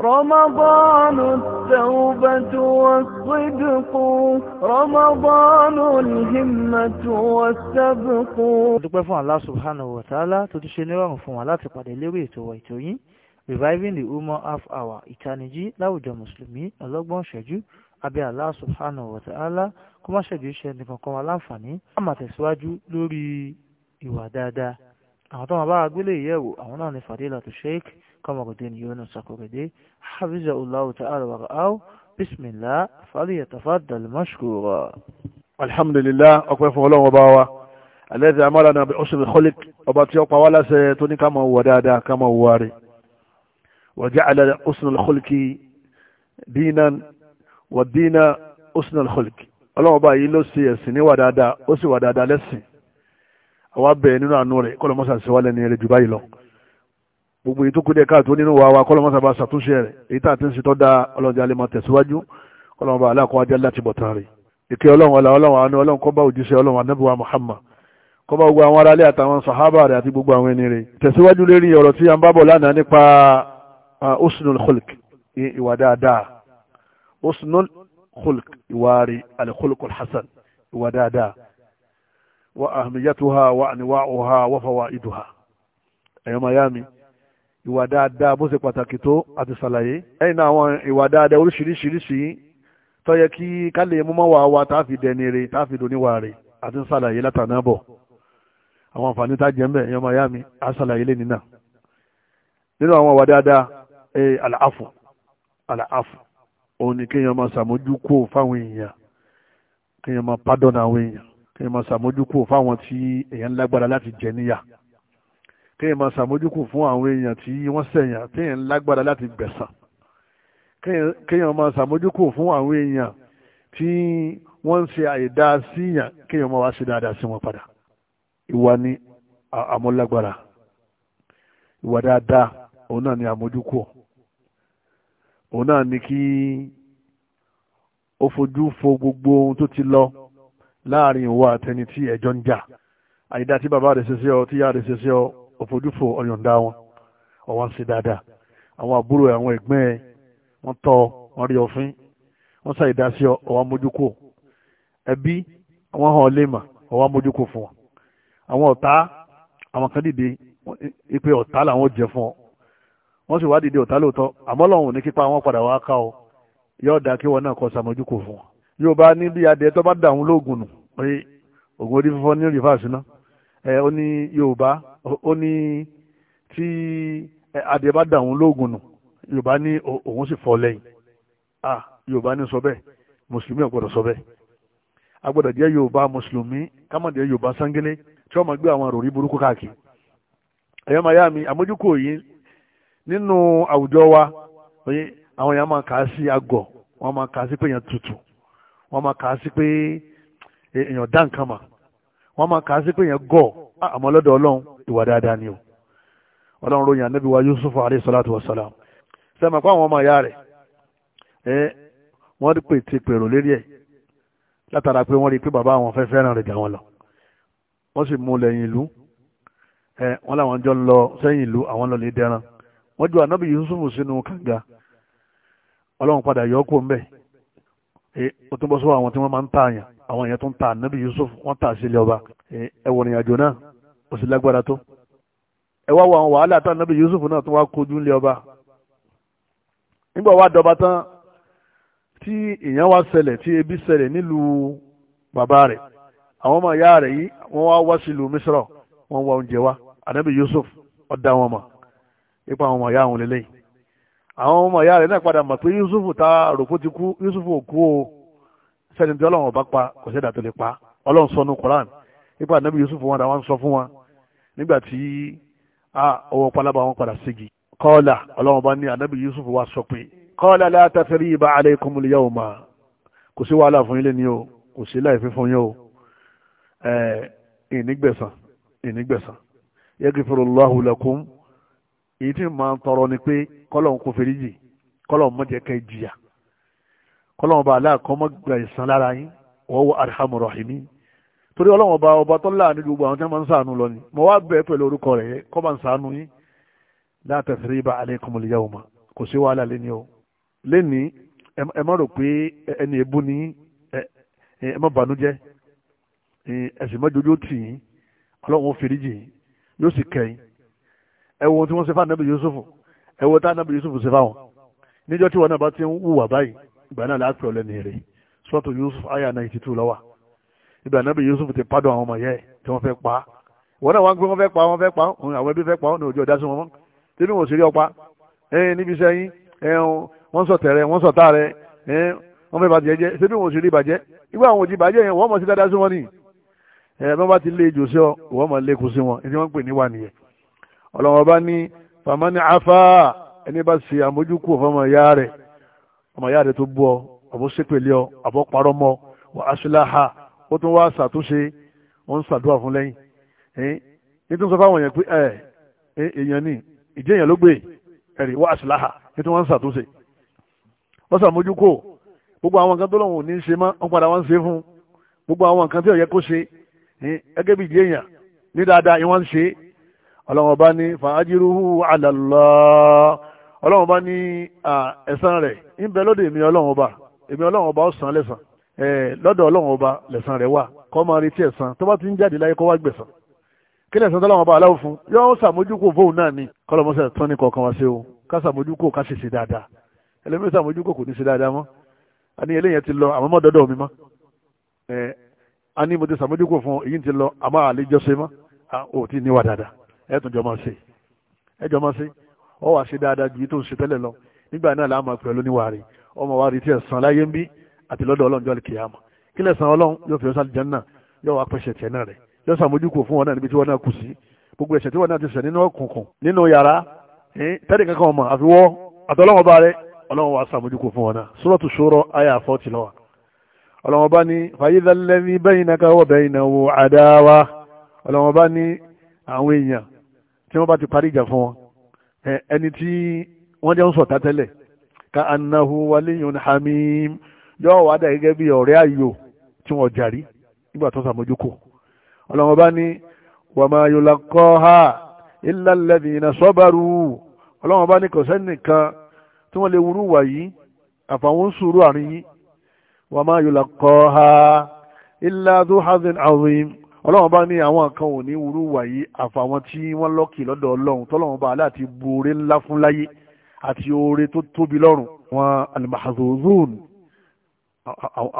رمضان التوبة والصدق رمضان الهمة والسبق dúpẹ́ fún Allah subhanahu wa ta'ala tó ti ṣe nírọ̀rùn fún wa láti pàdé lérò ètò wa ètò yín reviving the human half hour ìtanijí láwùjọ mùsùlùmí ọlọ́gbọ́n ṣẹ́jú abẹ́ Allah subhanahu wa ta'ala kó má ṣẹ́jú iṣẹ́ nìkan kan wa láǹfààní á máa tẹ̀síwájú lórí ìwà dáadáa àwọn tó wọn bá gbélé ìyẹ̀wò àwọn náà ní fadilatu sheikh قمر الدين يونس كوردي حفظه الله تعالى ورعاه بسم الله فليتفضل مشكورا الحمد لله ọpẹ́ fún Ọlọ́run ọba wa الذي أمرنا بحسن الخلق ọba tí ó pa wá láṣẹ tó ní ká وجعل حسن الخلق دينا والدين حسن الخلق الله ọba yìí ló ṣe ẹ̀sìn ní wà dáadáa ó sì wà dáadáa lẹ́sìn àwa bẹ̀ẹ́ nínú àánú rẹ̀ gbogbo èyí tó kú dẹ̀ káàtó nínú wa wa kọ́lọ́mọ́ sábà ṣàtúnṣe rẹ̀ èyí tá à ti ń ṣetọ́ da ọlọ́jà lè máa tẹ̀síwájú kọ́lọ́mọ́ bá aláàkọ́ ajá láti bọ̀ tán rẹ̀ ìkẹ́ ọlọ́run ọ̀la ọlọ́run àánú ọlọ́run kọ́ bá òjíṣẹ́ ọlọ́run anábìwá Muhammad kọ́ bá gbogbo àwọn aráalé àtàwọn sàhábà rẹ̀ àti gbogbo àwọn ẹni rẹ̀ tẹ̀síwájú lérí ọ̀rọ̀ tí a bábọ̀ lánàá nípa usnul ìwà dáadáa bó ṣe pàtàkì tó àti ṣàlàyé ẹ̀yìn náà àwọn ìwà dáadáa oríṣiríṣiríṣi tó yẹ kí ká mú mọ́wàá wa tá a fi dẹni rè tá a fi doníwà rè àti ṣàlàyé látàná bọ̀ àwọn àǹfààní tá a jẹ́ ń bẹ̀ ẹ̀yọ́ maya mi á ṣàlàyé lé nínà nínú àwọn ìwà dáadáa ẹ̀ àlàáfù àlàáfù òun ni kéèyàn máa ṣàmójúkò fáwọn èèyàn kéèyàn máa pádọ́nà àwọn èèyàn kéèyàn máa ṣàmójúkò fáwọn tí èèyàn lágbára láti jẹ níyà kéèyàn máa ṣàmójúkù fún àwọn èèyàn tí wọ́n ṣẹ̀yàn téèyàn lágbára láti gbẹ̀san kéèyàn máa ṣàmójúkù fún àwọn èèyàn tí wọ́n ń ṣe àìdá síyàn kéèyàn máa wá ṣe dáadáa sí wọn padà ìwà ni àmúlágbára ìwà dáadáa òun náà ni àmójúkù òun náà ni kí ó fojú fo gbogbo ohun tó ti lọ láàrin ìwà àtẹni tí ẹjọ́ ń jà àìdá tí bàbá rẹ̀ ṣe sí ọ tíyá rẹ̀ ṣe sí ọ òfojúfò ọ̀yọ̀ǹda wọn ọ̀wọ́n ṣe dáadáa àwọn àbúrò àwọn ẹ̀gbọ́n ẹ̀ wọ́n tọ́ wọ́n rí ọfín wọ́n ṣàì dá sí ọ̀wọ́n mójúkò ẹbí àwọn hàn lèèmà ọ̀wọ́n mójúkò fún wọn àwọn ọ̀tá àwọn kan dìde ipe ọ̀tá làwọn jẹ fún ọ wọ́n sì wá dìde ọ̀tá lóòótọ́ àmọ́ lọ́hùn ní kípa wọn padà wá ká ọ yóò dá kí wọn náà kọ́ ṣàmójúkò fún wọn yóò bá ní bí adìẹ tó bá dà wọn lóògùn nù pé ògùn orí fífọ́ ní rìfáàsì náà ó ní yorùbá ó ní tí adìẹ bá dà òun lóògùn nù yorùbá ní òun sì fọ́ lẹ́yìn ah yorùbá ní sọ bẹ́ẹ̀ mùsùlùmí ò gbọ́dọ̀ sọ bẹ́ẹ̀ a gbọ́dọ̀ jẹ́ yorùbá mùsùlùmí ká má jẹ́ yorùbá sángélé tí wọ́n máa gbé àwọn àròrí burúkú káàkiri ẹ̀yọ́ máa yá mi àmójúkò yìí nínú àwùjọ wa àwọn èèyàn máa kà á sí agọ̀ wọ́n máa kà á sí pé èèyàn tutù wọ́n máa kà á sí pé èèyàn dá nǹkan mà wọ́n máa kà á sí pé yẹn gọ̀ ah, àmọ́ lọ́dọ̀ ọlọ́run ìwà dáadáa ni o ọlọ́run ròyìn ànábì wa Yusuf alayhi salatu wa salam sẹ́mi àpá àwọn ọmọ ìyá rẹ̀ ẹ wọ́n rí pé ti pèrò lérí ẹ̀ látara pé wọ́n rí pé bàbá àwọn fẹ́ fẹ́ràn rẹ̀ jàwọn lọ wọ́n sì mú lẹ́yìn ìlú ẹ wọ́n làwọn jọ ń lọ sẹ́yìn ìlú àwọn lọ lè dẹran wọ́n ju ànábì Yusuf sínú kànga ọlọ́run padà yọ ọ́ ó tún bọ́ sọ́wọ́ àwọn tí wọ́n máa ń tààyàn àwọn èèyàn tó ń ta ànábì Yusuf wọ́n tà sílẹ̀ ọba ẹ̀wọ̀n ìrìn àjò náà ó sì lágbára tó ẹ wá wo àwọn wàhálà tá ànábì Yusuf náà tó wá kojú ńlẹ̀ ọba nígbà wá dọba tán tí èèyàn wá ṣẹlẹ̀ tí ebi ṣẹlẹ̀ nílùú bàbá rẹ̀ àwọn ọmọ ìyá rẹ̀ yìí wọ́n wá wá sílùú Misra wọ́n wá oúnjẹ wá ànábì Yusuf ó dá wọn mọ̀ ipa àwọn ọmọ ìyá àwọn lélẹ́yìí àwọn ọmọ ìyá rẹ̀ náà padà mọ̀ pé Yusufu ta rògbò ti kú Yusufu ò kú o sẹ́ni tí ọlọ́run ọba pa kò sẹ́dà tó lè pa ọlọ́run sọ nu Koran nípa ànábì Yusufu wọn àwọn sọ fún wọn nígbà tí ọwọ́ palaba wọn padà ségi kọ́ọ̀là ọlọ́run ọba ní ànábì Yusufu wa sọ pé kọ́ọ̀là la tathriba alaykum al-yawma kò sí wàhálà fún ilé ni o kò sí láìfẹ́ fún yín o ìnígbẹ̀sán ìnígbẹ̀sán yaghfirullahu lakum èyí tí màá ń tọrọ ni pé kọ́lọ́hún kò fèrè jì kọ́lọ́hún mọ̀jẹ̀ kẹ́ jìyà kọ́lọ́hún bá aláàkọ́ mọ́ gbà ìsàn lára yín wọ́n wọ arhamu rahimi torí ọlọ́wọ́n bá ọba tó láàánú gbogbo àwọn tí wọ́n máa ń sàánú lọ ni mo wá bẹ̀ pẹ̀lú orúkọ rẹ̀ kọ́ bá ń sàánú yín la tathriba alaykumul yawma kò sí wàhálà lẹ́ni o lẹ́ni ẹ má rò pé ẹni èbú ni ẹ má bànújẹ́ ẹ̀sìn mọ́jọ́jọ́ tì yín ọlọ́wọ́n fèrè jì yóò sì kẹ́yìn ẹ wo tí wọ́n ṣe fún anabi yusufu ẹ wo tí anabi yusufu ṣe fáwọn níjọ́ tí wọn náà bá ti ń wùwà báyìí ìgbà náà láti ọ̀lẹ́ ní èrè sọ́tò yusuf aya ninety two lọ́wà ìgbà anabi yusuf ti pádùn àwọn ọmọ yẹ tí wọ́n fẹ́ pa á wọn náà wá ń gbé wọn fẹ́ pa wọn fẹ́ pa àwọn ẹbí fẹ́ pa wọn ní òjò ìdásí wọn mọ́ tẹ́lẹ̀ wọn ò sì rí ọpa níbi iṣẹ́ yín wọ́n sọ tẹ̀rẹ̀ wọ́n sọ táàrẹ̀ wọ́n fẹ́ bàjẹ́ jẹ́ ṣé bí wọ́n ò sì rí bàjẹ́ ìgbà àwọn òjì bàjẹ́ yẹn wọ́n mọ̀ sí dáadáa sí wọn nìyí ẹ̀ bí wọ́n bá ti lé ejò sí ọ wọ́n mọ̀ lékun sí wọn ètí wọ́n ń ọlọ́run ọba ní famani afa ẹni bá ṣe àmójúkú ọmọ ìyá rẹ̀ ọmọ ìyá rẹ̀ tó bú ọ àbó sépèlé ọ àbó parọ́ mọ́ wà aṣíláha ó tún wá ṣàtúnṣe wọ́n ń ṣàdúrà fún lẹ́yìn nítorí sọ fáwọn èèyàn pé ẹ èèyàn ni ìdí èèyàn ló gbé ẹ̀rí wá aṣíláha nítorí wọ́n ń ṣàtúnṣe wọ́n ṣàmójúkú gbogbo àwọn nǹkan tó lọ́wọ́ ní ṣe mọ́ wọ́n padà wọ́n ṣe fún gbogbo àwọn nǹkan tí ó kó ṣe gẹ́gẹ́ bí ìdí èèyàn ní dáadáa ìwọ́n ń ṣe é ọlọ́wọ́n bá ní fàájírúhù ala ọlọ́wọ́n bá ní ẹ̀san rẹ̀ ń bẹ lọ́dọ̀ èmi ọlọ́wọ́n bá èmi ọlọ́wọ́n bá ó san lẹ́san lọ́dọ̀ ọlọ́wọ́n bá lẹ́san rẹ̀ wà kọ́ máa retí ẹ̀san tó bá ti ń jáde láyé kọ́ wá gbẹ̀san kí lẹ́san tó ọlọ́wọ́n bá aláwọ̀ fún yóò sàmójúkò fóun náà ni kọ́lọ́mọsẹ̀ tán ní kọ̀ọ̀kan wá sí o ká sàmójúkò ká sì dáadáa ẹlẹ́mìí sàmójúkò kò ní ṣe dáadáa mọ́ a ní eléyẹn ti lọ àmọ́ mọ́dọ́dọ́ mi mọ́ a ní mo ti sàmójúkò fún èyí ti lọ àmọ́ àlejò ṣe mọ́ a ò tí níwà dáadáa ẹ̀tún jọ máa ṣe ẹjọ́ máa ṣe ọ wà ṣe dáadáa ju tó ń ṣe tẹ́lẹ̀ lọ nígbà náà làá máa pẹ̀lú níwà rẹ̀ ọmọ wa rí tí ẹ̀ san láyé ń bí àti lọ́dọ̀ ọlọ́run jọ́ kìyàmà kí lẹ̀ san ọlọ́run yóò fi ọ̀sán jẹ́nà yóò wá pẹ̀ṣẹ̀ tiẹ̀ náà rẹ̀ yóò sàmójúkò fún wọn náà níbi tí wọn náà kù sí gbogbo ẹ̀ṣẹ̀ tí wọn náà ti ṣẹ̀ nínú ọkùnkùn nínú yàrá tẹ́lẹ̀ kankan ọmọ àfiwọ́ àtọ́lọ́wọ́ bá rẹ̀ ọlọ́run wa sàmójúkò fún wọn náà Suratu Shura àyà fọ́ọ̀tì lọ́wọ́ ọlọ́wọ́n bá ní fàyídà lẹ́ni bẹ́yìn náà káwọ́ bẹ́yìn náà wò àdáwà ọlọ́wọ́n bá ní àwọn èèyàn tí wọ́n bá ti parí ìjà fún wọn ẹni tí wọ́n jẹ́ ń sọ̀tá tẹ́lẹ̀ ka annahu waliyun hamim yóò wá dà gẹ́gẹ́ bí ọ̀rẹ́ ayò tí wọ́n jàrí nígbà tó sàmójúkò ọlọ́run bá ní wàmà yulaqaha illa alladhina sabaru ọlọ́run bá ní kò sẹ́nìkan tí wọ́n lè wúrú wà àfàwọn sùúrù àárín yìí wàmà yulaqaha illa dhu hazin azim ọlọ́run bá ní àwọn kan ò ní wúrú wàyí àfàwọn tí wọ́n lọ́kì lọ́dọ̀ ọlọ́run tọ́lọ́run bá aláàtí bu oore ńlá fún láyé àti oore tó tóbi lọ́run wọn alimahazozun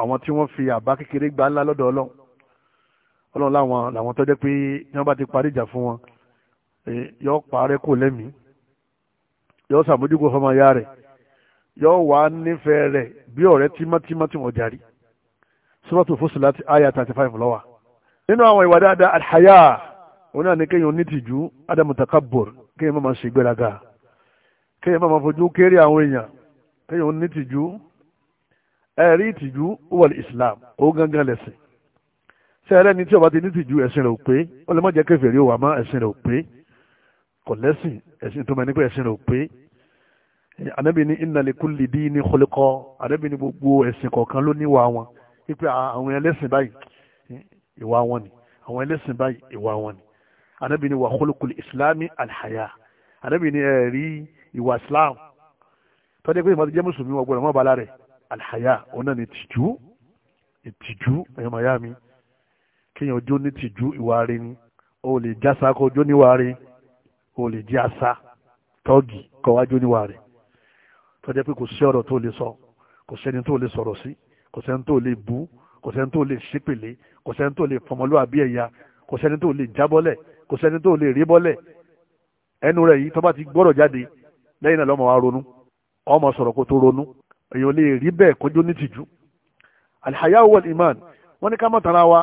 àwọn tí wọ́n fi àbá kékeré gbà ńlá lọ́dọ̀ ọlọ́run ọlọ́run láwọn làwọn tọ́jẹ́ pé tí wọ́n bá ti parí ìjà fún wọn yọ parẹ́ kò lẹ́mìí yọ sàmójúkọ fọmọ ya rẹ̀ yọ wà nífẹ̀ẹ́ rẹ̀ bí ọ̀rẹ́ tímọ́tímọ́ tí wọ́n jarí sọ́wọ́tò fóṣù láti áyà 35 lọ́wọ́ nínú àwọn ìwà dáadáa alhaya òun náà ni kéèyàn onítìjú adamu takabur kéèyàn má máa ṣe ìgbéraga kéèyàn má máa fojú kéré àwọn èèyàn kéèyàn onítìjú ẹ̀rí ìtìjú wọ̀lì islam ó gángan lẹ̀sìn sẹ́ẹ̀rẹ́ ni tí ọba ti nítìjú ẹ̀sìn rẹ̀ ò pé ó lè má jẹ́ kèfèrí òwà má ẹ̀sìn rẹ̀ ò pé kò lẹ́sìn ẹ̀sìn tó mẹ́ni pé ẹ̀sìn rẹ̀ ò pé ànábì ní inna li kulli dini khuliqa ànábì ní gbogbo ẹ̀sìn kọ̀ọ̀kan ló níwà wọn wípé ah, àwọn ẹlẹ́sìn báyìí ìwà wọn ni àwọn ẹlẹ́sìn báyìí ìwà wọn ni anábì ni wà kólókòlì ìsìlámì àlàyà anábì ni ẹ̀rí ìwà islam tọ́jú pé ìmọ̀tò jẹ́ mùsùlùmí wọn gbọ́dọ̀ mọ́ bala rẹ̀ àlàyà òun náà ni tìjú ìtìjú ẹ̀yọ́ màyá mi kéèyàn jó ní tìjú ìwà rẹ̀ ni o lè jásá kó jó níwà rẹ̀ o lè jẹ́ àṣà tọ́gì kọ́ wá níwà rẹ̀ tọ́jú pé kò sí ọ̀rọ̀ tó lè sọ kò sẹ́ni tó lè sọ̀rọ̀ sí kò sẹ́ni tó lè bú kò sẹ́ni tó lè ṣépèlé kò sẹ́ni tó lè fọmọlúwàbí ẹ̀yà kò sẹ́ni tó lè jábọ́lẹ̀ kò sẹ́ni tó lè rébọ́lẹ̀ ẹnu rẹ̀ yìí tó bá ti gbọ́rọ̀ jáde lẹ́yìn náà lọ́mọ wa ronú ọmọ sọ̀rọ̀ kó tó ronú èèyàn lè rí bẹ́ẹ̀ kójú ní tìjú alihaya wal iman wọ́n ní ká mọ̀ tara wa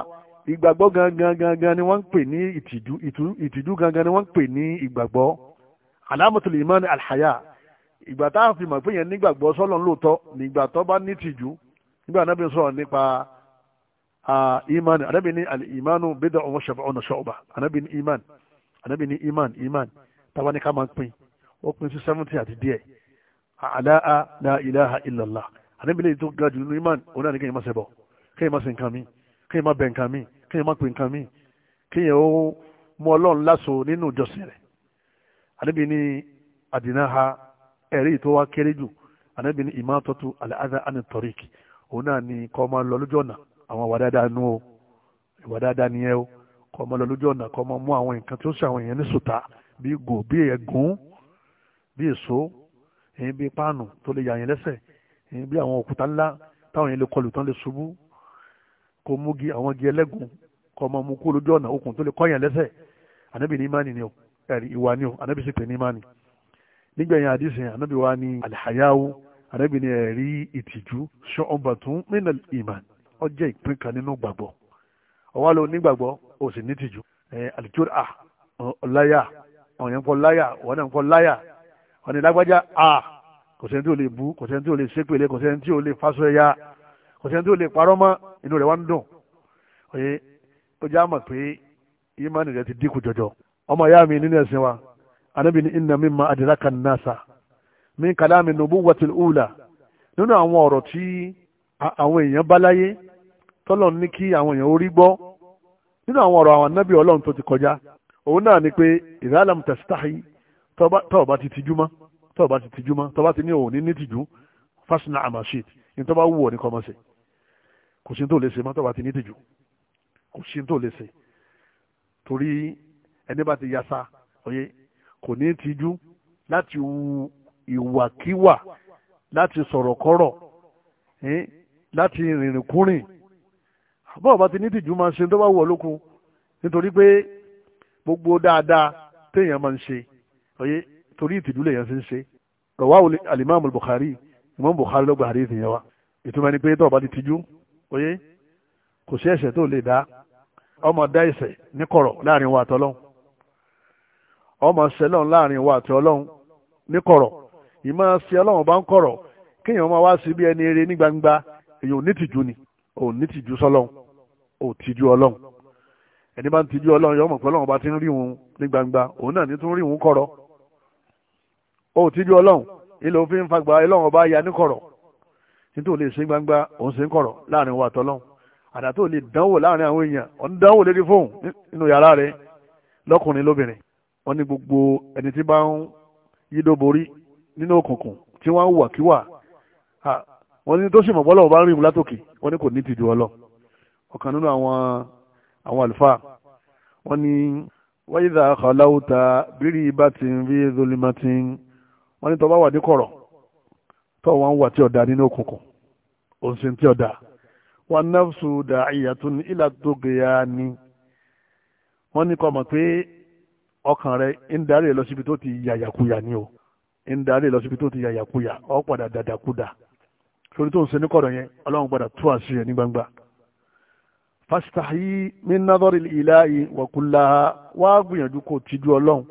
ìgbàgbọ́ gangan gangan ni wọ́n ń pè ní ìtìjú ìtìjú gangan ni wọ́n ń pè ní ìgbàgbọ́ alamatul iman alihaya ìgbà tá a fi mọ̀ pé yẹn nígbàgbọ́ sọ́lọ́ lóòótọ́ nígbà tó bá ní tìjú nígbà náà bí n sọ̀rọ̀ nípa Ah, iman anabi ni al-imanu bid'un wa sab'una shu'ba anabi ni iman anabi ni iman iman tàwa ni ká máa pín ó pín sí seventy àti díẹ̀ àdáa la ilaha illallah anabi lè tó ga jù nínú iman òun náà ni kéèyàn máa ṣẹbọ kéèyàn máa ṣe nǹkan mi kéèyàn máa bẹ nǹkan mi kéèyàn máa pè nǹkan mi kéèyàn ó mú ọlọ́run láṣo nínú ìjọsìn rẹ̀ anabi ni adinaha ẹ̀rí tó wá kéré anabi ni imatatu al-adha an at-tariq ni kọ́ máa lọ lójú àwọn ìwà dáadáa nú o ìwà dáadáa nìyẹn o kọ́ ọmọ lọ lójú ọ̀nà kọ́ ọmọ mú àwọn nǹkan tó ṣe àwọn èèyàn ní sùtà bí gò bí ẹ̀gún bí èso èyí bí páànù tó lè yàyàn lẹ́sẹ̀ èyí bí àwọn òkúta ńlá táwọn èèyàn lè kọlù tán lè ṣubú kó mú gi àwọn gi ẹlẹ́gùn kọ́ ọmọ mú kó lójú ọ̀nà okùn tó lè kọ́yàn lẹ́sẹ̀ ànábì ní ìmánì ni o ẹ̀rí ìwà ni o ànábì sì pè ní ìmánì nígbẹ̀yìn àdìsí ànábì wa ni alhayahu ànábì ni ẹ̀rí ìtìjú ṣọ́ọ̀bàtún nínú ìmánì ó jẹ́ ìpín kan nínú gbàgbọ́ ọwọ́ ló nígbàgbọ́ ó sì ní tìjú àlùjọ́rà ọ̀láyà ọ̀yàn kọ́ láyà wọ́n náà kọ́ láyà ọ̀nà ìlágbájá a kò sẹ́ni tí ò lè bú kò sẹ́ni tí ò lè ṣépèlé kò sẹ́ni tí ò lè fásọ ẹ̀yà kò sẹ́ni tí ò lè parọ́ mọ́ inú rẹ̀ wá ń dùn oye ó já mọ̀ pé ìmánì rẹ̀ ti dínkù jọjọ ọmọ ìyá mi nínú ẹ̀sìn wa anábì ní inna mimma adraka an-nasa min kalami nubuwwatil ula nínú àwọn ọ̀rọ̀ tí àwọn èèyàn bá láyé tọ́lọ́run ní kí àwọn èèyàn orí gbọ́ nínú àwọn ọ̀rọ̀ àwọn anábì ọlọ́run tó ti kọjá òun náà ni pé ìdálàmù tẹ̀sítáì tọ́ọ̀bá ti tijú mọ́ tọ́ọ̀bá ti tijú mọ́ tọ́ọ̀bá ti ní òun ní ní tìjú fásinà àmàṣe ní tọ́ọ̀bá wù ọ́ ní kọ́mọ́sẹ̀ kò sí tó lè ṣe mọ́ tọ́ọ̀bá ti ní tìjú kò sí tó lè ṣe torí ẹni bá ti yasa oyè kò ní tijú láti wu ìwàkiwà láti sọ̀rọ̀kọ́rọ̀ láti rìnrìn kúrìn bọ́ọ̀ bá ti ní tìjú máa ń ṣe tó bá wù ọ́ lókun nítorí pé gbogbo dáadáa téèyàn máa ń ṣe ọyẹ torí ìtìjú lèèyàn fi ń ṣe rọwáwò alimami Bukhari imam Bukhari ló gba àrí ìtìyẹn wa ìtumọ̀ ni pé tó bá ti tìjú ọyẹ kò sí ẹ̀ṣẹ̀ tó lè dá ọmọ dá ẹ̀ṣẹ̀ ní láàrin wa àtọlọ́hun ọmọ ṣẹlọ́hun láàrin wa àtọlọ́hun ní kọ̀rọ̀ ìmọ̀ ṣe ọlọ́run bá ń kọ̀rọ̀ kéèyàn máa wá sí ẹni eré ní gbangba èyàn ò ní tìjú ni ò ní tìjú sọlọ́n ò tìjú ọlọ́n ẹni bá ń tìjú ọlọ́n yọ ọmọ pé ọlọ́run bá ti ń rí òun ní gbangba òun náà ni tún rí òun kọ̀rọ̀ ò tìjú ọlọ́run ilẹ̀ òfin ń fagbà ọlọ́run ọba ya ní kọ̀rọ̀ nítorí lè ṣe gbangba òun ṣe ń kọ̀rọ̀ láàrin wa tọ́lọ́run àdá tó lè dánwò láàrin àwọn èèyàn ọ̀ dánwò lérí fóun nínú yàrá rẹ lọ́kùnrin lóbìnrin wọ́n ní gbogbo ẹni tí bá ń yídó borí nínú òkùnkùn tí wọ́n ń wà kíwà wọ́n ní tó sì mọ̀ bọ́lọ̀ bá rìn látòkè wọ́n ní kò ní tìjú ọlọ́ ọ̀kan nínú àwọn àwọn àlùfáà wọ́n ní wáyé dà kọ́láwùtà bírí ibà ti ń rí zolima ti ń wọ́n ní tó bá wà ní kọ̀rọ̀ tó wọ́n ń wà tí ọ̀dà nínú òkùnkùn òun tí ọ̀dà wọn nafsu dà ìyàtọ̀ ní ìlà tó gẹ̀yà ni wọ́n ní kó mọ̀ pé ọkàn rẹ̀ ń darí lọ síbi tó ti yàyàkuyà ni o ń darí lọ síbi tó ti yàyàkuyà ó padà dàdàkudà torí tó ń ṣe ní kọ̀rọ̀ yẹn ọlọ́run gbọ́dọ̀ tú àṣírí ẹ̀ ní gbangba fásitàhí min nadhari ilahi wa kullaha wá gbìyànjú kó tijú ọlọ́run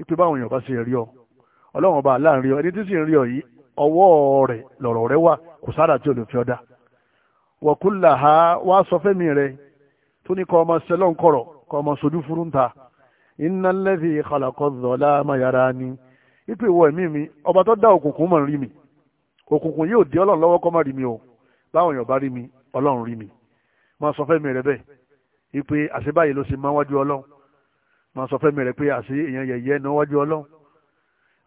ipe báwọn èèyàn bá ṣe rí ọ ọlọ́run ọba láàrin ọ ẹni tí sì ń rí ọ yìí ọwọ́ rẹ̀ lọ̀rọ̀ rẹ̀ wà kò sára tí olùfẹ́ ọ̀dà wa kullaha wá sọ fẹ́mi rẹ̀ tó ní kọ́ ọmọ sẹlọ́n kọ̀rọ̀ kọ́ ọmọ sojú furunta innal ladhi khalaqa adh-dhalama yarani ipe ìwọ ẹ̀mí mi ọba tó dá òkùnkùn mọ̀ rí mi òkùnkùn yóò dé ọlọ́run lọ́wọ́ kọ́ má rí mi o báwọn èèyàn bá rí mi ọlọ́run rí mi máa sọ fẹ́mi rẹ bẹ́ẹ̀ ipe àṣẹ báyìí ló ṣe máa wájú ọlọ́run máa sọ fẹ́mi rẹ pé àṣẹ èèyàn yẹ̀yẹ́ náà wájú ọlọ́run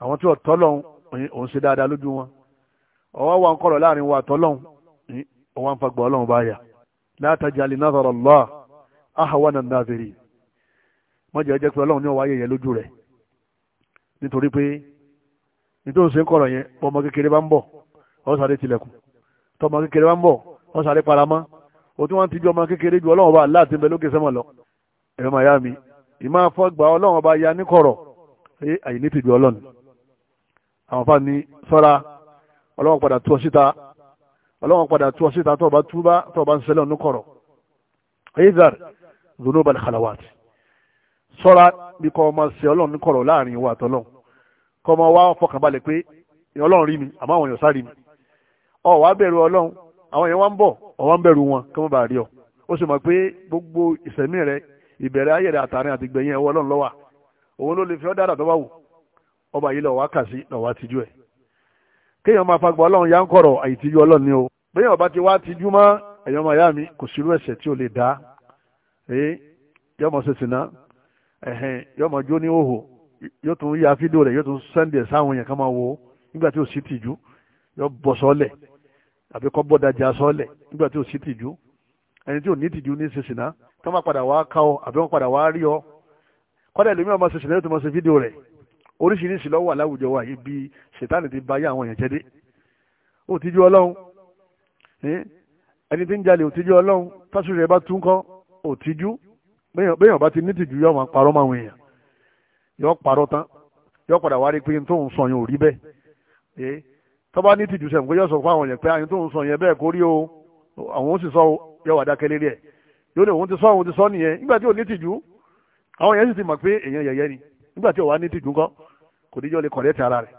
àwọn tí wọ́n tọ́lọ́run òun ṣe dáadáa lójú wọn ọwọ́ wa ń kọ̀rọ̀ láàrin wa tọ́lọ́run ọwọ́ ń fagbọ́ ọlọ́run báyà látàjà lè náà ọ sáré tilẹ̀kùn tọmọ kékeré wa ń bọ̀ ọ sáré paramọ́ o tí wọ́n ti jọ ọmọ kékeré ju ọlọ́run ọba aláàtí bẹ lókè sẹ́mọ̀ lọ ẹ̀rọ màyá mi ìmọ̀ afọ́gbà ọlọ́run ọba ya níkọ̀rọ̀ ṣé àyè ní tìjú ọlọ́run àwọn fáà ní sọ́ra ọlọ́run padà tú ọ síta ọlọ́run padà tú ọ síta tó ọba túbá tó ọba ń sẹ́lẹ̀ ọ̀nù kọ̀rọ̀ ayézar zonoba khalawat sọ́ra bí kò ọmọ sí ọlọ́run ní láàrin ìwà àtọ́lọ́run kọ́ ọmọ wa fọkànbalẹ̀ pé ọlọ́run rí mi àmọ́ àwọn èèyàn sá rí mi ọ bẹ̀rù ọlọ́run àwọn yẹn wá ń bọ̀ ọ ń bẹ̀rù wọn kí wọ́n bá rí ọ ó sì mọ̀ gbogbo ìsẹ̀mí rẹ ìbẹ̀rẹ̀ ayé àtàrin àti gbẹ̀yìn ẹ̀wọ́ ọlọ́run lọ́wà òun ló lè fi ọ́ dára tó bá wù ọba yìí lọ́wọ́ kà sí lọ́wọ́ tijú ẹ̀ kéèyàn máa fagbọ́ ọlọ́run yá ń kọ̀rọ̀ o yóò tún ya fídíò rẹ̀ yóò tún sẹ́ndì ẹ̀ sáwọn yẹn ká máa wo nígbà tí ò sí tìjú bọ̀ sọ́lẹ̀ àbí kọ́ bọ́dájà sọ́ọ̀lẹ̀ nígbà tí ò sí tìjú ẹni tí ò ní tìjú ní sísìnà tó má padà wá ká ọ àbí wọ́n padà wá rí ọ kọ́dà ìlú mìíràn máa ṣe sílẹ̀ tó máa ṣe fídíò rẹ̀ oríṣiríṣi lọ́wọ́ aláwùjọ wa yìí bí ṣètánì ti báyà àwọn èèyàn jẹ́ dé ó tìjú ọlọ́run ẹni tí ń jalè ó tìjú ọlọ́run tásù rẹ̀ bá tún kọ́ ó tìjú béèyàn bá ti ní tìjú yóò parọ́ máwọn èèyàn yóò parọ́ tán yóò padà wá rí pé tóun sọ yẹn ò rí bẹ́ẹ̀ tọ́ba ní tìjú sẹ̀ ń gbéyọ̀ sọ fún àwọn yẹn pé àyìn ah, tó ń sọ yẹn bẹ́ẹ̀ kórí o àwọn ó sì sọ yẹ wà dákẹ́ lérí ẹ̀ yóò ní òun ti sọ òun ti sọ nìyẹn nígbà tí ò ní tìjú àwọn yẹn sì ti mọ̀ pé èèyàn yẹ̀yẹ́ ni nígbà tí ò wá ní tìjú ńkọ́ kò níjọ́ lè kọ̀rẹ́tì ara rẹ̀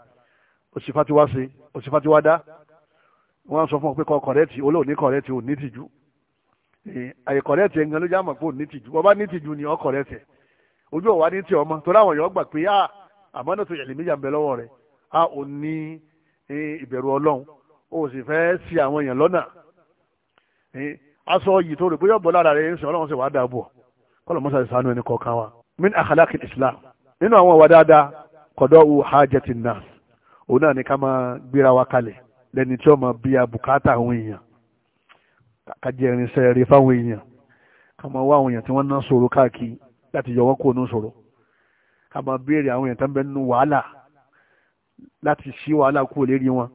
òsìfàtí wá sí òsìfàtí wá dá wọ́n sọ fún ọ pé kọ kọ̀rẹ́tì olóòní ní kọ̀rẹ́tì ò ní tìjú bọ́ ìbẹ̀rù ọlọ́run o sì fẹ́ sí àwọn èèyàn lọ́nà aṣọ yìí tó rè bóyá bọ́ lára rẹ̀ ń sìn ọlọ́run sì wàá dàbọ̀ kọ́lọ̀ mọ́sá ìsànú ẹni kọ̀ọ̀kan wa min akhlaq islam nínú àwọn ìwà dáadáa kọ̀dọ̀ u hajjati nas òun náà ni ká máa gbéra wa kalẹ̀ lẹ́ni tí ó máa bí a bùkátà àwọn èèyàn ká jẹ́ irinṣẹ́ rẹ̀ fáwọn èèyàn ká máa wá àwọn èèyàn tí wọ́n ná sọ̀rọ̀ káàkiri láti yọ wọ́n kúrò ní sọ̀rọ̀ ká máa béèrè àwọn èèyàn tó ń bẹ nínú wàhálà láti ṣí wàhálà kúrò lérí wọn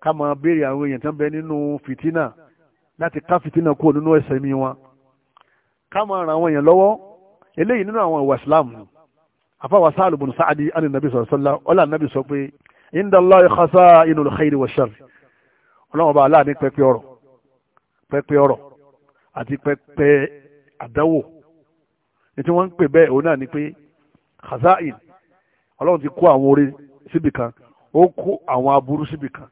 ká máa béèrè àwọn èèyàn tó ń bẹ nínú fìtínà láti ká fìtínà kúrò nínú ẹsẹ̀ mi wọn ká máa ran àwọn èèyàn lọ́wọ́ eléyìí nínú àwọn ìwà islam afáwà sáàlù bùn sáàdì àni nàbí sọ̀rọ̀ sọ́lá ọlá nàbí sọ pé inda Allahi khaza'inul khairi wa sharri ọlọ́run ọba aláàní pẹpẹ ọrọ̀ pẹpẹ ọrọ̀ àti pẹpẹ àdánwò ní tí ń pè bẹ́ẹ̀ òun náà ni pé khaza'in ọlọ́run ti kó àwọn orí síbì kan ó kó àwọn aburú síbì kan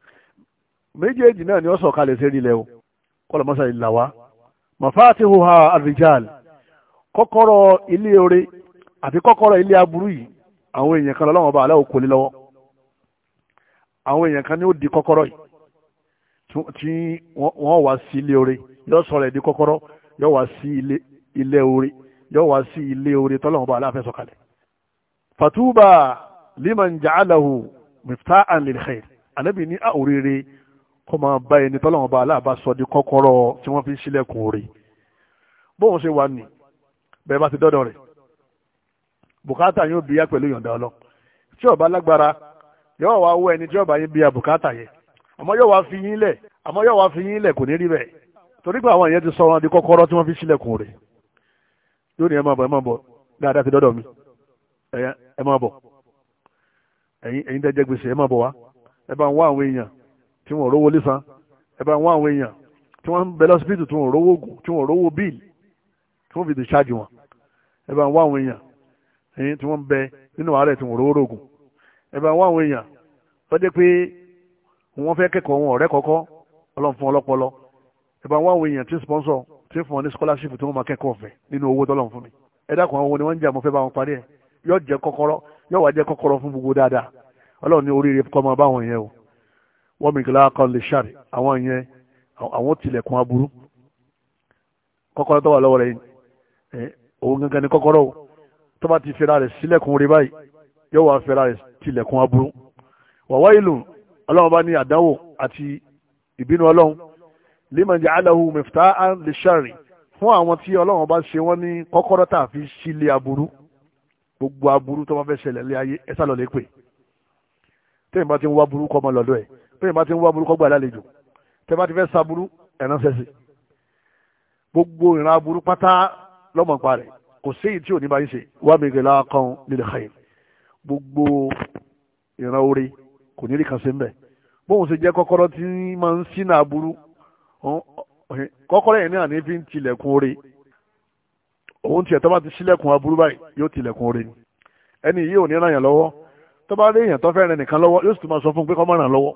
méjèèjì náà ni ó sọ̀kalẹ̀ sí ilẹ̀ o kọlọmọsà ìlà wa mafatihu ha arrijal kọ́kọ́rọ́ ilé oore àti kọ́kọ́rọ́ ilé aburú yìí àwọn èèyàn kan lọ́wọ́ ọba kò ní lọ́wọ́ àwọn èèyàn kan ó di yìí tí wọn wá sí ilé oore yóò yóò wá sí ilé yóò wá sí ilé fatuba liman ja'alahu mifta'an lil khair anabi ní àwòrere kó máa bá ẹni tọ́lọ́wọ́n bá aláàbá sọ di kọ́kọ́rọ́ tí wọ́n fi ń ṣílẹ̀kùn òre bóun ṣe wà ní bẹ́ẹ̀ bá ti dọ́dọ̀ rẹ̀ bùkátà yóò bí yá pẹ̀lú yọ̀ǹda ọlọ́ tí ó bá lágbára yóò wá wọ ẹni tí ó bá yín bí ya bùkátà yẹ àmọ́ yóò wá fi yín lẹ̀ àmọ́ yóò wá fi yín lẹ̀ kò ní rí bẹ́ẹ̀ torí pé àwọn yẹn ti sọ wọn di kọ́kọ́rọ́ tí wọ́n fi ṣílẹ̀kùn rẹ̀ yóò ní ẹ máa bọ̀ ẹ máa bọ̀ dáadáa ti dọ́dọ̀ mi ẹ máa bọ̀ ẹ̀yin dẹ́jẹ́ gbèsè ẹ máa bọ̀ wá ẹ bá ń wá àwọn èèyàn tí wọ́n rówó lẹ́sàn ẹ bá ń wá àwọn èèyàn tí wọ́n ń bẹ lọ́sibítù tí wọ́n rówó oògùn tí wọ́n rówó bíìlì tí wọ́n fi dè ṣáàjì wọn ẹ bá ń wá àwọn èèyàn ẹ̀yin tí wọ́n ń bẹ nínú àárẹ̀ tí wọ́n rówó oògùn ẹ bá ń wá àwọn èèyàn tó jẹ́ pé wọ́n fẹ́ kẹ́kọ̀ọ́ wọn ọ̀rẹ́ kọ́kọ́ yóò wá jẹ́ kọ́kọ́rọ́ fún gbogbo dáadáa ọlọ́run ní oríire kọ́ máa bá àwọn yẹn o wọ́n mi gíláà kan lè ṣàrì àwọn yẹn àwọn tilẹ̀kùn aburú kọ́kọ́rọ́ tó wà lọ́wọ́ rẹ̀ yìí òun gangan ni kọ́kọ́rọ́ o tó bá ti fẹ́ra rẹ̀ sílẹ̀kùn rí báyìí yóò wá fẹ́ra rẹ̀ tilẹ̀kùn aburú wàwá ìlú ọlọ́run bá ní àdánwò àti ìbínú ọlọ́run liman ja'alahu miftahan lè ṣàrì fún àwọn tí ọlọ́run bá ṣe wọ́n ní kọ́kọ́rọ́ tá a fi sílé aburú gbogbo aburú tó máa fẹ́ ṣẹlẹ̀ lé ayé ẹ sá lọ lè pè tẹ́yìn bá ti ń wá burú kọ́ ọmọ lọ́dọ̀ ẹ̀ tẹ́yìn bá ti ń wá burú kọ́ gbà lálejò tẹ́yìn bá ti fẹ́ sa burú ẹ̀rán sẹ́sì gbogbo ìran aburú pátá lọ́mọ̀ pa rẹ̀ kò séyìí tí ò ní báyìí ṣe wá mi gèlà kan lílẹ̀ xayìn gbogbo ìran orí kò ní rí kan sí ń bẹ̀ bóun ṣe jẹ́ kọ́kọ́rọ́ tí máa ń sínà aburú kọ́kọ́rọ́ yẹn ní òun tiẹ̀ tó bá ti sílẹ̀kùn aburú báyìí yóò tilẹ̀kùn oore ẹni yìí ò ní ràn yàn lọ́wọ́ tó bá rí èèyàn tó fẹ́ ràn nìkan lọ́wọ́ yóò sì tún máa sọ fún un pé kó má ràn lọ́wọ́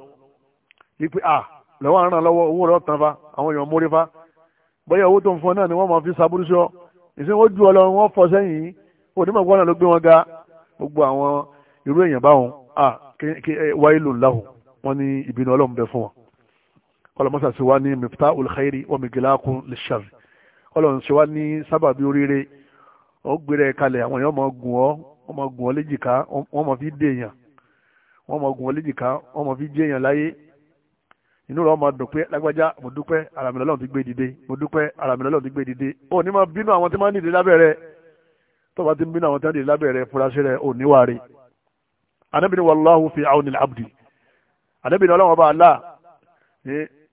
wípé à lọ́wọ́ àràn lọ́wọ́ owó rẹ̀ ọ̀tàn fa àwọn èèyàn mórí fa bóyá owó tó ń fún ọ náà ni wọ́n máa fi saburú sí ọ ìsìn wọ́n ju ọlọ́run wọ́n fọ sẹ́yìn onímọ̀ gbọ́dọ̀ ló gbé wọn ga gbogbo àwọn irú èèyàn báwọn à wáyé lò láhùn wọn ní ìbínú ọlọ́run bẹ fún wọn ọlọmọsàsì wa ní miftahul khairi wa miglaqun lisharri ọlọ́run ṣe wá ní sábàbí oríire ó gbéra ẹ̀ kalẹ̀ àwọn èèyàn máa gùn ọ́ wọ́n máa gùn ọ́ léjìká wọ́n máa fi dé èèyàn wọ́n máa gùn ọ́ léjìká wọ́n máa fi jẹ́ èèyàn láyé inú rẹ̀ wọ́n máa dùn pé lágbájá mo dúpẹ́ ara mi lọ́lọ́run ti gbé dìde mo dúpẹ́ ara mi lọ́lọ́run ti gbé dìde ó ní máa bínú àwọn tí máa ń dìde lábẹ́ tó bá ti ń bínú àwọn tí máa ń dìde lábẹ́ rẹ̀ rẹ̀ ò níwàá rẹ̀ anábìnrin wallahu fi auni al-abdi anábìnrin ọlọ́run ọba Allah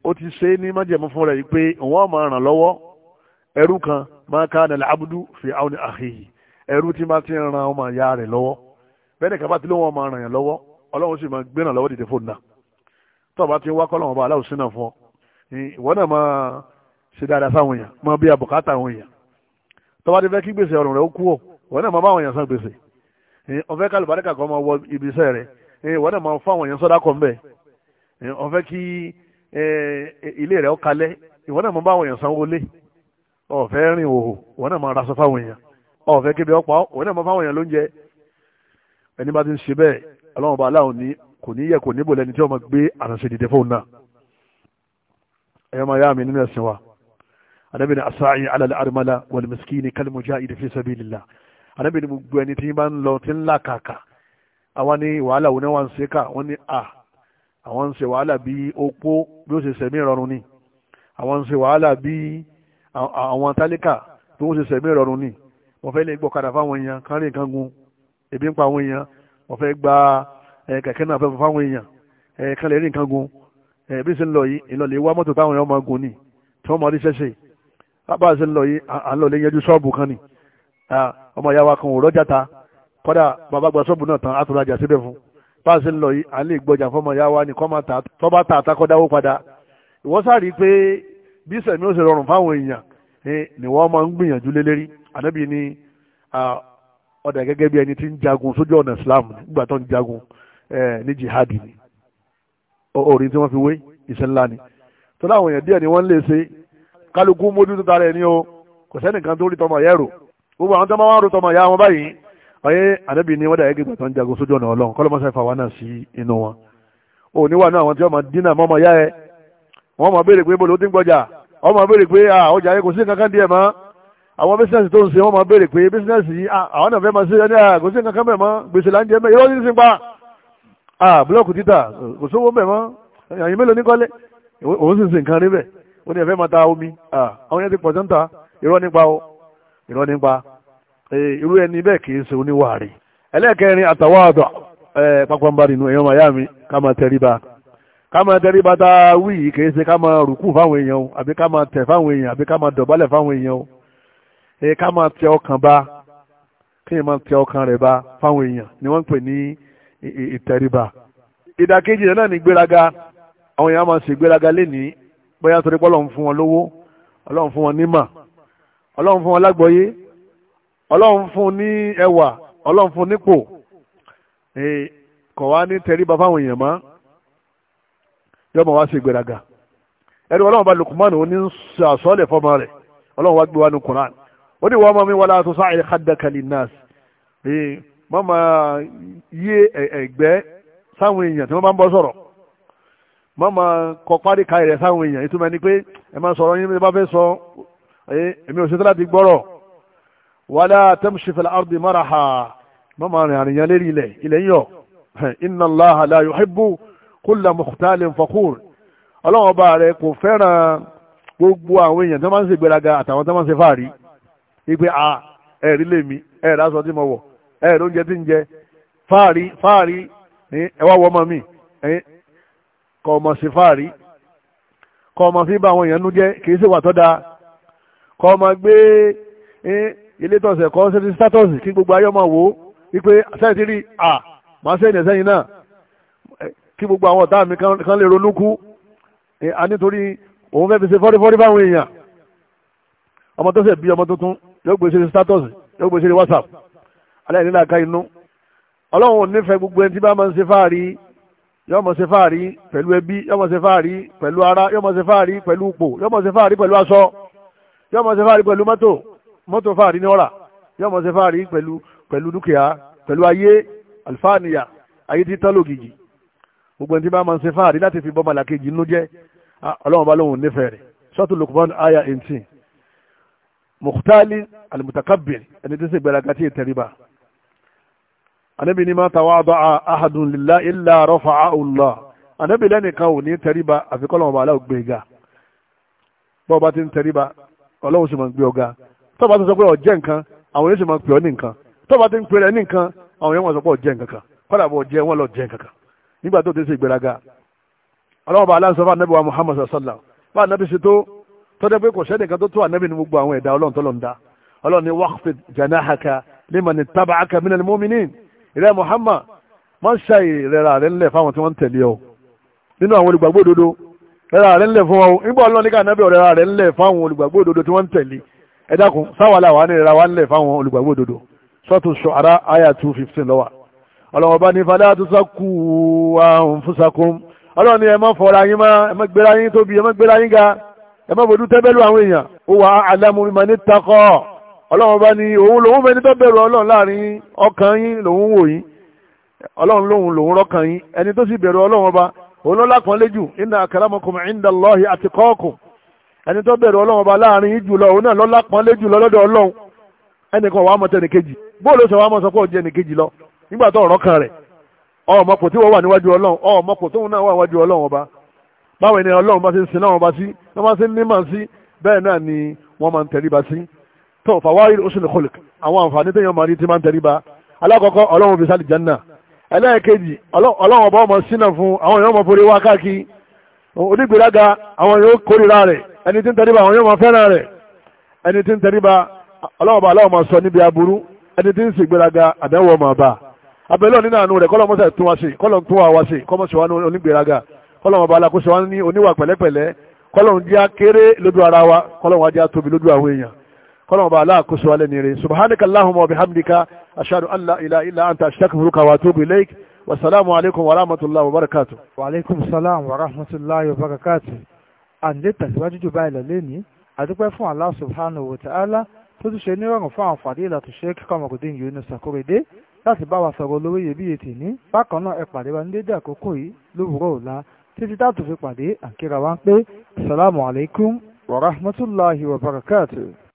ó ti ṣe é ní májẹ̀mú fún rẹ̀ yìí pé òun á ràn lọ́wọ́ ẹrú kan máa ká nàlẹ́ abudu fi àwọn àhìyí ẹrú tí máa ti ran ọmọ ìyá rẹ̀ lọ́wọ́ bẹ́ẹ̀ ni kàbá tí ló wọn máa ràn yàn lọ́wọ́ ọlọ́run sì máa gbéra lọ́wọ́ dìde fóònù náà tó o bá ti ń wá kọ́lọ́wọ́n bá aláwọ̀ sínú fún ọ ìwọ náà máa ṣe dáadáa fáwọn èèyàn máa bí àbùkátà àwọn èèyàn tó bá ti fẹ́ kí gbèsè ọ̀rùn rẹ̀ ó kú ọ̀ ìwọ náà máa bá àwọn èèyàn san gbèsè ọ̀fẹ́ kálùbáríkà kan máa wọ ibi iṣẹ́ rẹ̀ ìwọ náà máa fáwọn èèyàn sọ́dá kan bẹ́ẹ̀ ọ̀fẹ́ kí eh, ilé rẹ̀ ó kalẹ̀ ìwọ náà máa bá àwọn èèyàn sanwó lé ọ̀fẹ́ rìn òhò wọn náà máa raṣọ fáwọn èèyàn ọ̀fẹ́ kébi ọ̀pá wọn náà máa fáwọn èèyàn ló ń jẹ ẹni bá ti ń ṣe bẹ́ẹ̀ ọlọ́run bá aláwọ̀ ni kò ní yẹ kò níbò lẹni tí wọ́n máa gbé àránṣẹ́ dìde fóun náà ẹ̀yọ́ máa yá mi nínú ẹ̀sìn wa anábì ní asáyìn alàlẹ́ àrùmọ́lá wal miskini kal mujahid fi sabilillah anábì ní gbogbo ẹni tí bá lọ tí ń là kàkà àwọn ní wàhálà wọn ni ń ṣe ká wọn ní à àwọn ń ṣe wàhálà bí opó bí ó ṣe sẹ̀mí ìrọ̀rùn ni àwọn ń ṣe wàhálà bíi àwọn tálíkà bí wọ́n ṣe sẹ̀mí ìrọ̀rùn ni wọ́n fẹ́ lè gbọ́kadà fáwọn èèyàn kárí nǹkan gun ebi ń pa àwọn èèyàn wọ́n fẹ́ gba kẹ̀kẹ́ náà fẹ́ fáwọn èèyàn kan lè rí nǹkan gun bí ṣe ń lọ yìí ìlọlẹ̀ wá mọ́tò táwọn èèyàn máa gun ni tí wọ́n máa rí ṣẹ́ṣe bá ṣe ń lọ yìí à ń lọ lè yẹjú ṣọ́ọ̀bù kan ni ọmọ ìyá wa kan ò rọ́jà ta kọ́dà bàbá gba ṣọ́ọ̀bù náà tán á tún rajà síbẹ̀ fún bá ṣe ń lọ yìí à ń lè gbọ́jà fọ́mọ ìyá wa ni kọ́ máa ta tọ́ bá ta àtakọ́dáwó padà ìwọ́sàrí pé bí sẹ̀mí ó ṣe rọrùn fáwọn èèyàn ni wọ́n máa ń gbìyànjú lé lérí ànábì ní ọ̀dà gẹ́gẹ́ bí ẹni tí ń jagun sójú ọ̀nà Islam nígbà tó ń jagun ní jihadi ni orin tí wọ́n fi wé iṣẹ́ ńlá ni tó láwọn èèyàn díẹ̀ ni wọ́n lè ṣe kálukú mójú tó tara ẹni o kò sẹ́nìkan tó rí tọmọ ìyá ẹ̀rọ gbogbo àwọn tó máa wá rò tọmọ ìyá wọn báyìí ọyẹ ànábì ní wọ́n dà gẹ́gẹ́ gbàtàn jagun sójú ọ̀nà Ọlọ́run kọ́lọ́mọṣẹ́ fà wá náà sí inú wọn òní wà náà àwọn tí wọ́n máa dínà mọ́mọ ìyá ẹ̀ wọ́n máa béèrè pé bolo ti ń gbọ́jà wọ́n máa béèrè pé ah, ọjà yẹn kò sí nǹkan kan díẹ̀ mọ́ àwọn bísíǹsì tó ń ṣe wọ́n máa béèrè pé bísíǹsì yìí ah, àwọn náà fẹ́ máa ṣe ẹni ah, kò sí nǹkan kan mẹ́ mọ́ gbèsè là ń jẹ mẹ́ yóò ní sinpa búlọ́ọ̀kù títà kò sówó mọ́ ta omi àwọn yẹn ti pọ̀ Kama máa tẹrí bàtà wíì kìí ṣe ká máa rùkú fáwọn èèyàn o àbí ká máa tẹ̀ fáwọn èèyàn àbí ká máa dọ̀bálẹ̀ fáwọn èèyàn o ẹ ká tẹ ọkàn bá kí máa tẹ ọkàn rẹ̀ bá fáwọn èèyàn ni wọ́n ń pè ní ìtẹríba ìdàkejì rẹ̀ náà ní gbéraga àwọn èèyàn máa ṣe gbéraga lénìí bóyá torí pé ọlọ́run fún wọn lówó ọlọ́run fún wọn nímà ọlọ́run fún wọn lágbọ́yé ọlọ́run fún ní ẹwà ọlọ́run fún nípò kọ̀ ní tẹríba fáwọn èèyàn máa yọmọ wá sí ìgbéraga ẹni ọlọ́run bá Lukman ò ní sàsọ́lẹ̀ fọmọ rẹ̀ ọlọ́run wá gbé wa ní Quran ó ní wọ́n mọ́ mi wọ́n láti sọ àyè hadaka linnas mọ́ máa yé ẹ̀gbẹ́ sáwọn èèyàn tí wọ́n bá ń bọ́ sọ̀rọ̀ mọ́ máa ka ẹ̀rẹ̀ sáwọn èèyàn ìtumọ̀ ni pé ẹ máa sọ̀rọ̀ yín bá fẹ́ sọ èmi ò ṣe tó gbọ́rọ̀ wala tamshi ardi maraha mọ́ máa rìn àrìyàn lérí ilẹ̀ ilẹ̀ yíyọ̀ inna Allaha la yuhibbu kúlẹ̀ mọ̀kútàlẹ̀ fọkúr ọlọ́run ọba rẹ̀ kò fẹ́ràn gbogbo àwọn èèyàn tó máa ń ṣe gbéraga àtàwọn tó máa ń ṣe fáàrí wípé a ẹ̀rí lèmi ẹ̀rí aṣọ tí mo wọ̀ ẹ̀rí oúnjẹ tí ń jẹ fáàrí fáàrí ẹwà wọ ọmọ mi kọ ọmọ sí fáàrí kọ ọmọ fi bá àwọn èèyàn nú jẹ kì í ṣèwà tó dáa kọ ọmọ gbé ilé tọ̀sẹ̀ kọ́ sí status kí gbogbo ayé ọmọ wò ó wípé rí a màá sẹ́yìn ẹ̀sẹ́yìn kí gbogbo àwọn ọ̀tá mi kan lè ronú kú eh, a nítorí òun fẹ́ fi ṣe fọ́rífọ́rí fáwọn èèyàn ọmọ tó ṣẹ̀ bí ọmọ tuntun yóò gbé e status yóò gbé ṣe whatsapp aláìní làákà inú ọlọ́run ò nífẹ̀ẹ́ gbogbo ẹni tí bá máa ń ṣe fáàrí yóò máa ṣe fáàrí pẹ̀lú ẹbí yóò máa ṣe fáàrí pẹ̀lú ara yóò máa ṣe fáàrí pẹ̀lú ipò yóò máa ṣe fáàrí pẹ̀lú aṣọ yóò máa ṣe fáàrí pẹ̀lú mọ́tò mọ́tò fáàrí ní ọ̀rà yóò máa ṣe fáàrí pẹ̀lú pẹ̀lú dúkìá pẹ̀lú ayé alfáàníyà ayé títán lògìjì gbogbo ẹni tí bá máa ń ṣe fáàrí láti fi bọ́mọ làkejì inú jẹ́ ọlọ́run bá lóhùn nífẹ̀ẹ́ rẹ̀ sọ́tù lukman aya eighteen mukhtali alimutakabir ẹni tí ń ṣègbéraga tí ìtẹríba anabi ni ma tawada'a ahadun lillahi illa rafa'ahu Allah anabi lẹ́nìkan ò ní tẹríba àfikọ́lọ́run bá aláwọ̀ gbé ga bọ́ọ̀ bá ti ń tẹríba ọlọ́run sì máa ń gbé ọga tó bá ti sọ pé ọ̀jẹ́ nǹkan àwọn yóò sì máa ń pè ọ́ ní nǹkan tó bá ti ń pè rẹ̀ ní nǹkan àwọn yóò máa sọ pé ọ̀jẹ́ nǹkan kan kọ́dà bọ̀ ọ̀jẹ́ wọn lọ jẹ́ nǹkan kan nígbà tó ti ìgbéraga ọlọ́wọ́ bá aláǹsọ́ fún anábìwá muhammad sallam bá anábì ṣe tó tọ́jọ́ pé kò sẹ́nìkan tó tó anábì ní gbogbo àwọn ẹ̀dá ọlọ́run tọ́lọ́ ń dá ọlọ́run ni waqfid janahaka liman ittaba'aka minal mu'minin ìrẹ́ muhammad má ń ṣàì rẹ̀ra rẹ̀ ńlẹ̀ rẹ̀ ńlẹ̀ fáwọn tí wọ́n tẹ̀lé ẹ ọlọ́wọ́ bá ní fala tusaku anfusakum ọlọ́run ni ẹ má fọra yín má ẹ má gbéra yín tóbi ẹ má gbéra yín ga ẹ má bòdú tẹ́bẹ́lú àwọn èèyàn ó wà alamu bima nittaqa ọlọ́run bá ní òun lòun mẹ́ni tó bẹ̀rù ọlọ́run láàrin ọkàn yín lòun wò yín ọlọ́run lòun lòun rọ́kàn yín ẹni tó sì bẹ̀rù ọlọ́run ọba òun lọ́la kan léjù inna akramakum inda Allahi atqakum ẹni tó bẹ̀rù nígbà tó ọ̀rọ̀ kan rẹ̀ ọmọkùn tí wọ́n wà níwájú ọlọ́run ọmọkùn tóun náà wà níwájú ọlọ́run ọba báwọn ènìyàn ọlọ́run bá ṣe ń sin náà ọba sí wọ́n bá ṣe ń nímọ̀ sí bẹ́ẹ̀ náà ni wọ́n máa ń tẹríba sí tó fàwárí usul khuluq àwọn àǹfààní téèyàn máa rí tí máa ń tẹríba alákọ̀ọ́kọ́ ọlọ́run fi sálì janna ẹlẹ́ẹ̀kejì ọlọ́run ọba ọmọ sínà fún àwọn èèyàn ọmọ forí wá káàkiri onígbèrágà àwọn èèyàn kórìíra rẹ̀ ẹni tí ń tẹríba àwọn èèyàn máa fẹ́ràn rẹ̀ ẹni tí ń tẹríba ọlọ́run ọba abẹ́lẹ́ nínú àánú rẹ̀ kọ́lọ́ mọ́sá tún wa ṣe kọ́lọ́ tún wa wa ṣe kọ́mọ́ ṣe wa ní onígbèraga kọ́lọ́ ọba alákó ṣe wa ní oníwà pẹ̀lẹ́pẹ̀lẹ́ kọ́lọ́ ń já kéré lójú ara wa kọ́lọ́ wa já tóbi lójú àwọn èèyàn kọ́lọ́ ọba alákó ṣe wa lẹ́ni rẹ̀ subhanaka allahumma wa bihamdika ashhadu an la ilaha illa anta astaghfiruka wa atubu ilaik wasalaamu alaykum wa rahmatulahi wa barakatu. wa subhanahu wa ta'ala tó ti ṣe nírọ̀rùn fún àǹfààní ìlàtúnṣe kíkọ́ ọmọkùnrin Yunus Akorede láti bá wa sọ̀rọ̀ lórí iyebíye tì ní bákan náà ẹ pàdé wa ní dédé àkókò yìí lówùúrọ̀ ọ̀la títí táàtù fi pàdé àkírà wa ń pé assalamu wa rahmatullahi wa barakatuh.